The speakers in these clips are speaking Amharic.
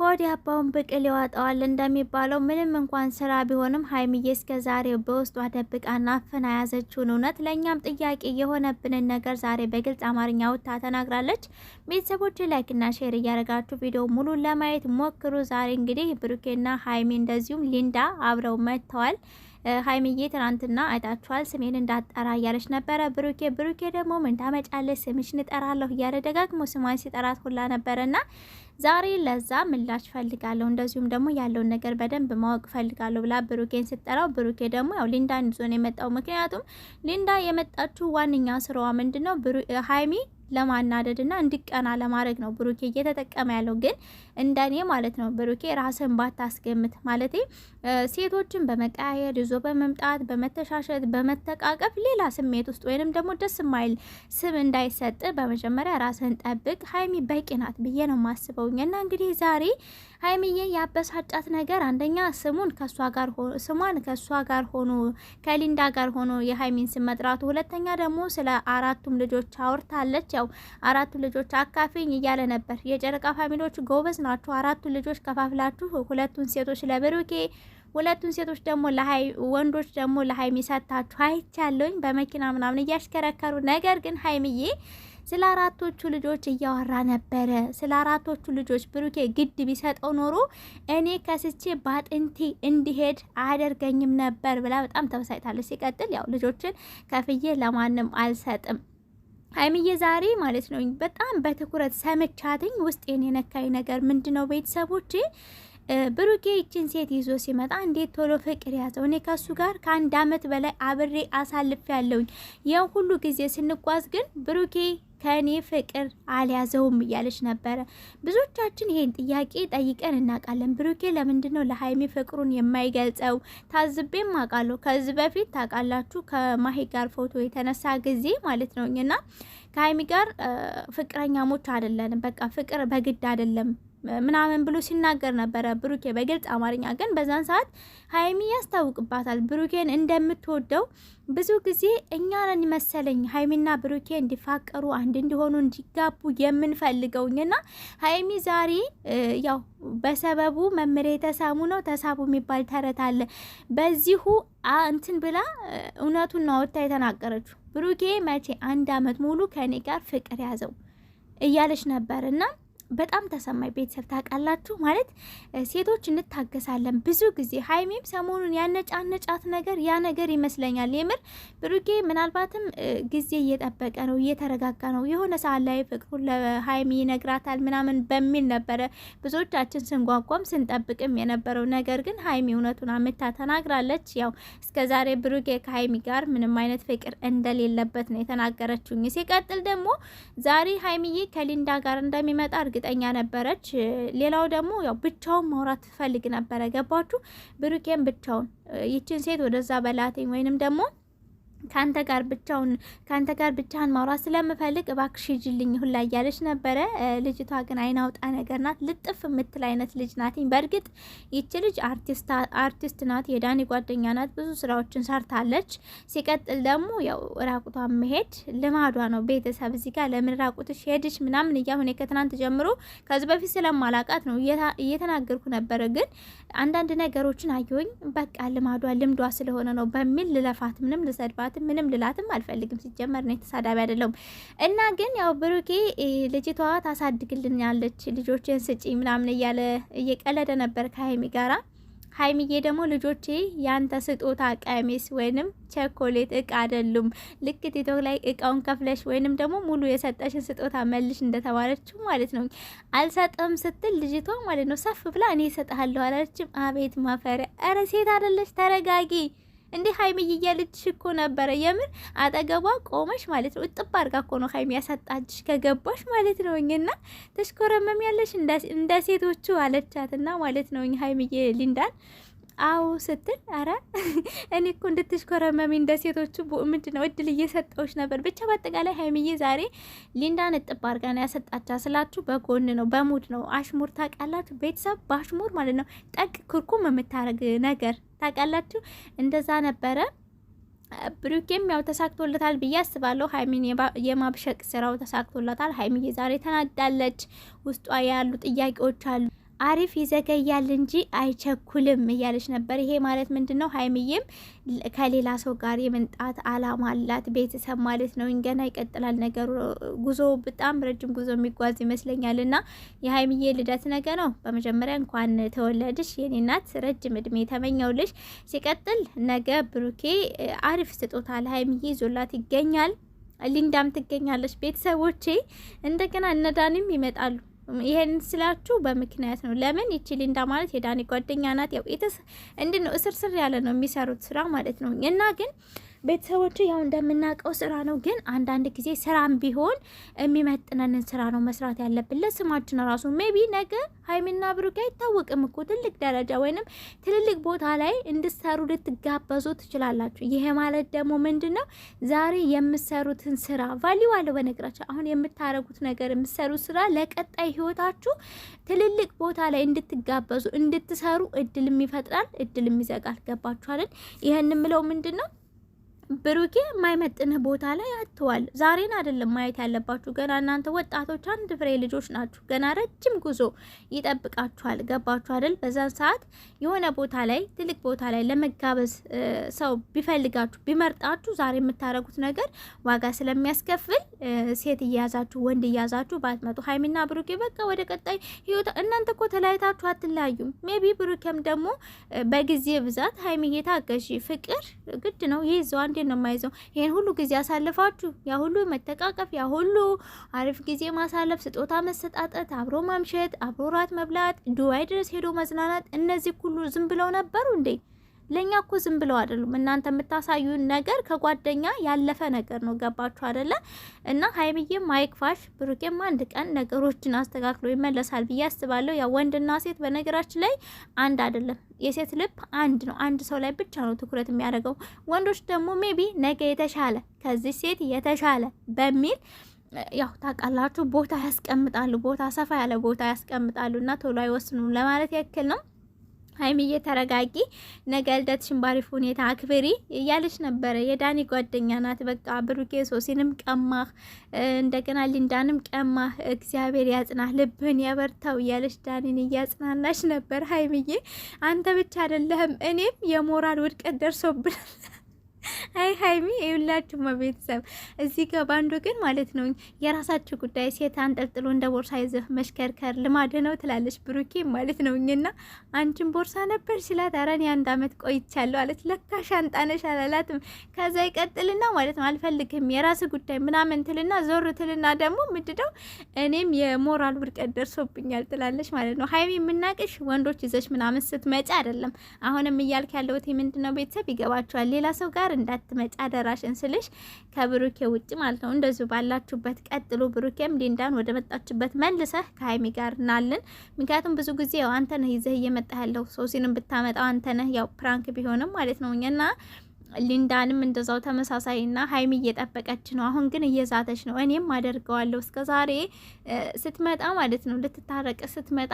ሆድ ያባውን ብቅል ይዋጠዋል እንደሚባለው ምንም እንኳን ስራ ቢሆንም ሀይሚዬ እስከ ዛሬ በውስጧ ደብቃና አፍና ያዘችውን እውነት ለእኛም ጥያቄ የሆነብንን ነገር ዛሬ በግልጽ አማርኛ ውታ ተናግራለች። ቤተሰቦች ላይክና ሼር እያደረጋችሁ ቪዲዮ ሙሉ ለማየት ሞክሩ። ዛሬ እንግዲህ ብሩኬና ሀይሚ እንደዚሁም ሊንዳ አብረው መጥተዋል። ሀይሚዬ ትናንትና አይታችኋል፣ ስሜን እንዳጠራ እያለች ነበረ። ብሩኬ ብሩኬ ደግሞ ምን ታመጫለች ስምሽን እንጠራለሁ እያለ ደጋግሞ ስሟን ሲጠራት ሁላ ነበረ ና ዛሬ ለዛ ምላሽ ፈልጋለሁ፣ እንደዚሁም ደግሞ ያለውን ነገር በደንብ ማወቅ ፈልጋለሁ ብላ ብሩኬን ስጠራው፣ ብሩኬ ደግሞ ያው ሊንዳን ይዞ ነው የመጣው። ምክንያቱም ሊንዳ የመጣችው ዋነኛ ስራዋ ምንድን ነው ሀይሚ ለማናደድ እና እንዲቀና ለማድረግ ነው ብሩኬ እየተጠቀመ ያለው። ግን እንደኔ ማለት ነው ብሩኬ ራስን ባታስገምት፣ ማለት ሴቶችን በመቀያየር ይዞ በመምጣት በመተሻሸት፣ በመተቃቀፍ ሌላ ስሜት ውስጥ ወይንም ደግሞ ደስ የማይል ስም እንዳይሰጥ በመጀመሪያ ራስን ጠብቅ። ሀይሚ በቂ ናት ብዬ ነው የማስበውኝ እና እንግዲህ ዛሬ ሀይሚዬ ያበሳጫት ነገር አንደኛ ስሙን ከእሷ ጋር ስሟን ከእሷ ጋር ሆኖ ከሊንዳ ጋር ሆኖ የሀይሚን ስም መጥራቱ፣ ሁለተኛ ደግሞ ስለ አራቱም ልጆች አውርታለች። ያው አራቱ ልጆች አካፊኝ እያለ ነበር። የጨረቃ ፋሚሊዎች ጎበዝ ናችሁ። አራቱ ልጆች ከፋፍላችሁ ሁለቱን ሴቶች ለብሩኬ ሁለቱን ሴቶች ደግሞ ለሀይ ወንዶች ደግሞ ለሀይሚ ሰጥታችሁ አይቻለሁኝ። በመኪና ምናምን እያሽከረከሩ ነገር ግን ሀይሚዬ ስለ አራቶቹ ልጆች እያወራ ነበረ። ስለ አራቶቹ ልጆች ብሩኬ ግድ ቢሰጠው ኖሮ እኔ ከስቼ በአጥንቴ እንዲሄድ አያደርገኝም ነበር ብላ በጣም ተበሳጭታለች። ሲቀጥል ያው ልጆችን ከፍዬ ለማንም አልሰጥም ሀይሚዬ ዛሬ ማለት ነው በጣም በትኩረት ሰምቻትኝ ውስጤን የነካኝ ነገር ምንድን ነው? ቤተሰቦቼ ብሩኬ ይችን ሴት ይዞ ሲመጣ እንዴት ቶሎ ፍቅር ያዘው? እኔ ከሱ ጋር ከአንድ አመት በላይ አብሬ አሳልፍ ያለውኝ ይህን ሁሉ ጊዜ ስንጓዝ ግን ብሩኬ ከእኔ ፍቅር አልያዘውም እያለች ነበረ። ብዙዎቻችን ይሄን ጥያቄ ጠይቀን እናውቃለን። ብሩኬ ለምንድን ነው ለሀይሚ ፍቅሩን የማይገልጸው? ታዝቤም አውቃለሁ። ከዚህ በፊት ታውቃላችሁ፣ ከማሂ ጋር ፎቶ የተነሳ ጊዜ ማለት ነው እና ከሀይሚ ጋር ፍቅረኛሞች አይደለንም። በቃ ፍቅር በግድ አይደለም ምናምን ብሎ ሲናገር ነበረ ብሩኬ በግልጽ አማርኛ። ግን በዛን ሰዓት ሀይሚ ያስታውቅባታል ብሩኬን እንደምትወደው። ብዙ ጊዜ እኛ መሰለኝ ሀይሚና ብሩኬ እንዲፋቀሩ አንድ እንዲሆኑ እንዲጋቡ የምንፈልገውኝና ሀይሚ ዛሬ ያው በሰበቡ መምሬ የተሳሙ ነው ተሳቡ የሚባል ተረት አለ። በዚሁ እንትን ብላ እውነቱን ነው ወታ የተናገረችው። ብሩኬ መቼ አንድ አመት ሙሉ ከኔ ጋር ፍቅር ያዘው እያለች ነበር እና በጣም ተሰማኝ። ቤተሰብ ታውቃላችሁ ማለት ሴቶች እንታገሳለን። ብዙ ጊዜ ሀይሚም ሰሞኑን ያነጫነጫት ነገር ያ ነገር ይመስለኛል። የምር ብሩኬ ምናልባትም ጊዜ እየጠበቀ ነው፣ እየተረጋጋ ነው። የሆነ ሰዓት ላይ ፍቅሩን ለሀይሚ ይነግራታል ምናምን በሚል ነበረ ብዙዎቻችን ስንጓጓም ስንጠብቅም የነበረው። ነገር ግን ሀይሚ እውነቱን አምታ ተናግራለች። ያው እስከዛሬ ብሩኬ ከሀይሚ ጋር ምንም አይነት ፍቅር እንደሌለበት ነው የተናገረችው። ሲቀጥል ደግሞ ዛሬ ሀይሚዬ ከሊንዳ ጋር እንደሚመጣ እርግጠኛ ነበረች። ሌላው ደግሞ ያው ብቻውን ማውራት ትፈልግ ነበረ። ገባችሁ? ብሩኬን ብቻውን ይችን ሴት ወደዛ በላትኝ ወይንም ደግሞ ከአንተ ጋር ብቻውን ከአንተ ጋር ብቻህን ማውራት ስለምፈልግ እባክሽ ሂጂልኝ ሁላ እያለች ነበረ። ልጅቷ ግን አይናውጣ ነገር ናት፣ ልጥፍ የምትል አይነት ልጅ ናትኝ። በእርግጥ ይቺ ልጅ አርቲስት ናት፣ የዳኒ ጓደኛ ናት፣ ብዙ ስራዎችን ሰርታለች። ሲቀጥል ደግሞ ያው ራቁቷ መሄድ ልማዷ ነው። ቤተሰብ እዚህ ጋር ለምን ራቁትሽ ሄድሽ ምናምን እያሁን ከትናንት ጀምሮ ከዚህ በፊት ስለማላቃት ነው እየተናገርኩ ነበረ። ግን አንዳንድ ነገሮችን አየሁኝ፣ በቃ ልማዷ ልምዷ ስለሆነ ነው በሚል ልለፋት ምንም ልሰድባት አልላትም፣ ምንም ልላትም አልፈልግም። ሲጀመር ነው የተሳዳቢ አይደለም። እና ግን ያው ብሩኬ ልጅቷ ታሳድግልኛለች፣ ልጆችን ስጪ ምናምን እያለ እየቀለደ ነበር ከሀይሚ ጋራ። ሀይሚዬ ደግሞ ልጆቼ ያንተ ስጦታ ቀሚስ ወይንም ቸኮሌት እቃ አይደሉም። ልክ ቲቶክ ላይ እቃውን ከፍለሽ ወይንም ደግሞ ሙሉ የሰጠሽን ስጦታ መልሽ እንደተባለችው ማለት ነው። አልሰጥም ስትል ልጅቷ ማለት ነው ሰፍ ብላ እኔ እሰጥሃለሁ አላለችም። አቤት ማፈሪያ! ረሴት ሴት አይደለች፣ ተረጋጊ። እንዴ ሀይሚዬ እያለች እኮ ነበረ። የምን አጠገቧ ቆመሽ ማለት ነው። እጥብ አድርጋ እኮ ነው ሀይሚ ያሳጣችሽ ከገባሽ ማለት ነው። እና ተሽኮረመም ያለሽ እንደ ሴቶቹ አለቻትና ማለት ነው ሀይሚዬ ሊንዳን አዎ ስትል አረ እኔ እኮ እንድትሽኮረመሚ እንደ ሴቶቹ ምንድ ነው እድል እየሰጠዎች ነበር። ብቻ በአጠቃላይ ሀይሚዬ ዛሬ ሊንዳ እጥብ አድርጋ ነው ያሰጣቻ ስላችሁ፣ በጎን ነው በሙድ ነው። አሽሙር ታውቃላችሁ ቤተሰብ፣ በአሽሙር ማለት ነው ጠቅ ክርኩም የምታደርግ ነገር ታውቃላችሁ። እንደዛ ነበረ። ብሩኬም ያው ተሳክቶለታል ብዬ አስባለሁ። ሀይሚን የማብሸቅ ስራው ተሳክቶለታል። ሀይሚዬ ዛሬ ተናዳለች። ውስጧ ያሉ ጥያቄዎች አሉ። አሪፍ ይዘገያል እንጂ አይቸኩልም እያለች ነበር። ይሄ ማለት ምንድን ነው? ሀይምዬም ከሌላ ሰው ጋር የመምጣት አላማ አላት። ቤተሰብ ማለት ነው። ገና ይቀጥላል ነገሩ። ጉዞ በጣም ረጅም ጉዞ የሚጓዝ ይመስለኛል። እና የሀይምዬ ልደት ነገ ነው። በመጀመሪያ እንኳን ተወለድሽ የኔ እናት፣ ረጅም እድሜ ተመኘውልሽ። ሲቀጥል ነገ ብሩኬ አሪፍ ስጦታ ለሀይሚዬ ይዞላት ይገኛል። ሊንዳም ትገኛለች። ቤተሰቦቼ እንደገና እነዳንም ይመጣሉ። ይሄን ስላችሁ በምክንያት ነው። ለምን ይቺ ሊንዳ ማለት የዳኒ ጓደኛ ናት። ያው እንድን ነው እስርስር ያለ ነው የሚሰሩት ስራ ማለት ነው እና ግን ቤተሰቦች ያው እንደምናውቀው ስራ ነው። ግን አንዳንድ ጊዜ ስራም ቢሆን የሚመጥነንን ስራ ነው መስራት ያለብን። ለስማችን ራሱ ሜቢ ነገ ሀይሚና ብሩክ አይታወቅም እኮ ትልቅ ደረጃ ወይንም ትልልቅ ቦታ ላይ እንድሰሩ ልትጋበዙ ትችላላችሁ። ይሄ ማለት ደግሞ ምንድን ነው? ዛሬ የምሰሩትን ስራ ቫሊዩ አለው። በነገራችሁ አሁን የምታረጉት ነገር የምሰሩት ስራ ለቀጣይ ህይወታችሁ ትልልቅ ቦታ ላይ እንድትጋበዙ እንድትሰሩ እድልም ይፈጥራል፣ እድልም ይዘጋል። ገባችሁ ይህን ምለው ምንድን ነው ብሩኬ የማይመጥንህ ቦታ ላይ አትዋል። ዛሬን አይደለም ማየት ያለባችሁ። ገና እናንተ ወጣቶች አንድ ፍሬ ልጆች ናችሁ። ገና ረጅም ጉዞ ይጠብቃችኋል። ገባችሁ አይደል? በዛን ሰዓት የሆነ ቦታ ላይ ትልቅ ቦታ ላይ ለመጋበዝ ሰው ቢፈልጋችሁ ቢመርጣችሁ ዛሬ የምታደርጉት ነገር ዋጋ ስለሚያስከፍል ሴት እያያዛችሁ ወንድ እያያዛችሁ ባትመጡ። ሀይሚና ብሩኬ በቃ ወደ ቀጣይ ህይወት እናንተ እኮ ተለያይታችሁ አትለያዩም። ሜቢ ብሩኬም ደግሞ በጊዜ ብዛት ሀይሚዬ ገዢ ፍቅር ግድ ነው ይዘዋል ምንድን ነው የማይዘው? ይሄን ሁሉ ጊዜ አሳልፋችሁ ያ ሁሉ መተቃቀፍ፣ ያ ሁሉ አሪፍ ጊዜ ማሳለፍ፣ ስጦታ መሰጣጠት፣ አብሮ ማምሸት፣ አብሮ ራት መብላት፣ ዱባይ ድረስ ሄዶ መዝናናት፣ እነዚህ ሁሉ ዝም ብለው ነበሩ እንዴ? ለእኛ እኮ ዝም ብለው አይደሉም። እናንተ የምታሳዩን ነገር ከጓደኛ ያለፈ ነገር ነው። ገባችሁ አይደለ? እና ማይክ አይክፋሽ፣ ብሩኬም አንድ ቀን ነገሮችን አስተካክሎ ይመለሳል ብዬ አስባለሁ። ያ ወንድና ሴት በነገራችን ላይ አንድ አይደለም። የሴት ልብ አንድ ነው። አንድ ሰው ላይ ብቻ ነው ትኩረት የሚያደርገው። ወንዶች ደግሞ ሜቢ ነገ የተሻለ ከዚህ ሴት የተሻለ በሚል ያው ታውቃላችሁ፣ ቦታ ያስቀምጣሉ፣ ቦታ ሰፋ ያለ ቦታ ያስቀምጣሉ እና ቶሎ አይወስኑም ለማለት ያክል ነው። ሀይሚዬ ተረጋጊ፣ ነገ ልደትሽን ባሪፍ ሁኔታ አክብሪ እያለች ነበረ። የዳኒ ጓደኛ ናት። በቃ ብሩኬ ሶሲንም ቀማህ፣ እንደገና ሊንዳንም ቀማህ። እግዚአብሔር ያጽናህ፣ ልብህን ያበርታው እያለች ዳኒን እያጽናናች ነበር። ሀይሚዬ አንተ ብቻ አይደለህም፣ እኔም የሞራል ውድቀት ደርሶብናል። አይ ሀይሚ የሁላችሁማ ቤተሰብ እዚህ ጋር በአንድ ወገን ማለት ነው የራሳችሁ ጉዳይ፣ ሴት አንጠልጥሎ እንደ ቦርሳ ይዘህ መሽከርከር ልማድ ነው ትላለች ብሩኬ ማለት ነው። እኛና አንቺን ቦርሳ ነበር ሲላት ኧረ እኔ አንድ አመት ቆይቻለሁ አለች። ለካ ሻንጣ ነሽ አላላትም። ከዛ ይቀጥልና ማለት ነው አልፈልግም የራስ ጉዳይ ምናምን ትልና ዞር ትልና ደግሞ ምድደው እኔም የሞራል ውድቀት ደርሶብኛል ትላለች ማለት ነው። ሀይሚ የምናቅሽ ወንዶች ይዘሽ ምናምን ስትመጪ አይደለም። አሁንም እያልክ ያለሁት ምንድነው ቤተሰብ ይገባቸዋል ሌላ ሰው ጋር እንዳትመጪ አደራሽን ስልሽ ከብሩኬ ውጭ ማለት ነው። እንደዚሁ ባላችሁበት ቀጥሉ። ብሩኬም ሊንዳን ወደ መጣችበት መልሰህ ከሀይሚ ጋር ናልን። ምክንያቱም ብዙ ጊዜ ያው አንተ ነህ ይዘህ እየመጣ ያለው ሶሲንም ብታመጣው አንተ ነህ። ያው ፕራንክ ቢሆንም ማለት ነው እና ሊንዳንም እንደዛው ተመሳሳይ ና ሀይሚ እየጠበቀች ነው። አሁን ግን እየዛተች ነው። እኔም አደርገዋለሁ እስከ ዛሬ ስትመጣ ማለት ነው ልትታረቅ ስትመጣ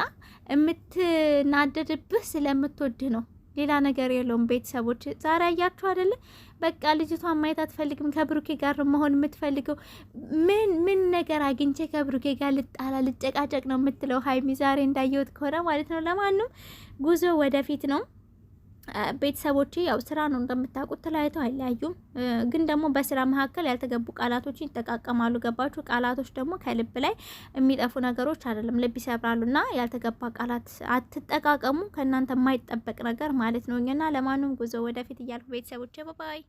የምትናደድብህ ስለምትወድህ ነው። ሌላ ነገር የለውም። ቤተሰቦች ዛሬ አያችሁ አይደለ? በቃ ልጅቷን ማየት አትፈልግም። ከብሩኬ ጋር መሆን የምትፈልገው ምን ምን ነገር አግኝቼ ከብሩኬ ጋር ልጣላ ልጨቃጨቅ ነው የምትለው ሀይሚ ዛሬ እንዳየሁት ከሆነ ማለት ነው። ለማንም ጉዞ ወደፊት ነው። ቤተሰቦቼ ያው ስራ ነው እንደምታውቁት፣ ተለያይተው አይለያዩም። ግን ደግሞ በስራ መካከል ያልተገቡ ቃላቶችን ይጠቃቀማሉ። ገባችሁ? ቃላቶች ደግሞ ከልብ ላይ የሚጠፉ ነገሮች አይደለም፣ ልብ ይሰብራሉ። እና ያልተገባ ቃላት አትጠቃቀሙ፣ ከእናንተ የማይጠበቅ ነገር ማለት ነው። እኛና ለማንም ጉዞ ወደፊት እያልኩ ቤተሰቦቼ ባባይ